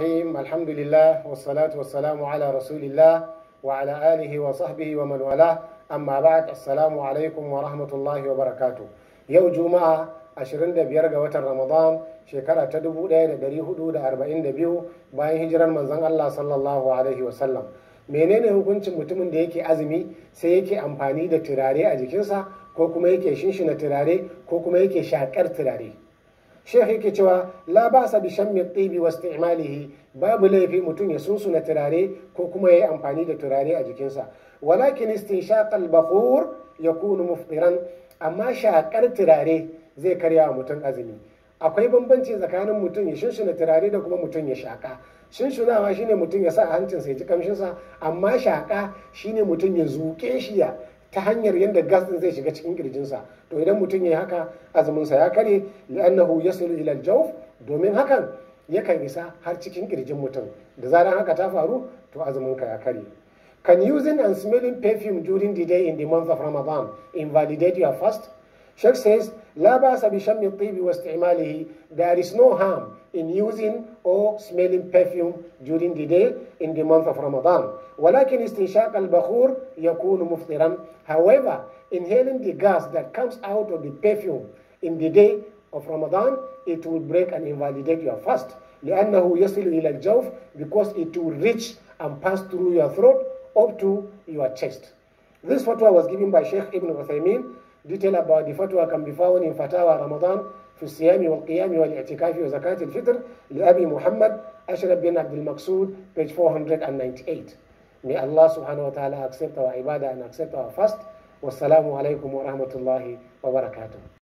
الرحيم الحمد لله والصلاة والسلام على رسول الله وعلى آله وصحبه ومن والاه أما بعد السلام عليكم ورحمة الله وبركاته يوم جمعة 25 ga watan Ramadan shekara ta biyu, bayan hijirar manzon Allah sallallahu alaihi wasallam menene hukuncin mutumin da yake azumi sai yake amfani da turare a jikinsa ko kuma yake shinshina turare ko kuma yake shakar turare shehi ke cewa la ba sa bi shammi tibi wa isti'malihi babu laifi mutum ya sunsuna turare ko kuma ya yi amfani da turare a jikinsa walakin istinshaq al ya yakunu muftiran amma shakar turare zai karya wa mutum azumi akwai bambanci tsakanin mutum ya na turare da kuma mutum ya shaka shunshunawa shine mutum ya sa hancin hancinsa ya ji kamshinsa amma shaka shine mutum ya zuke shi ya ta hanyar yadda gas din zai shiga cikin kirjinsa to idan mutum ya yi haka azuminsa ya kare li'annahu yasiru ila al-jawf domin hakan yakan isa har cikin kirjin mutum da zaran haka ta faru to azuminka ya kare can using and smelling perfume during the day in the month of ramadan invalidate your fast Sheikh says, shan بأس بشم الطيب واستعماله. There is no harm in using or smelling perfume during the day in the month of Ramadan. ولكن استنشاق البخور يكون مفطرا. However, inhaling the gas that comes out of the perfume in the day of Ramadan, it will break and invalidate your fast. لأنه in إلى الجوف because it will reach and pass through your throat up to your chest. This fatwa was given by Sheikh Ibn Uthaymeen. Detail about the fatwa can be found in Fatwa Ramadan في الصيام والقيام والاعتكاف وزكاة الفطر لأبي محمد أشرف بن عبد المقصود page 498 may Allah subhanahu wa ta'ala accept our ibadah and accept our fast والسلام عليكم ورحمة الله وبركاته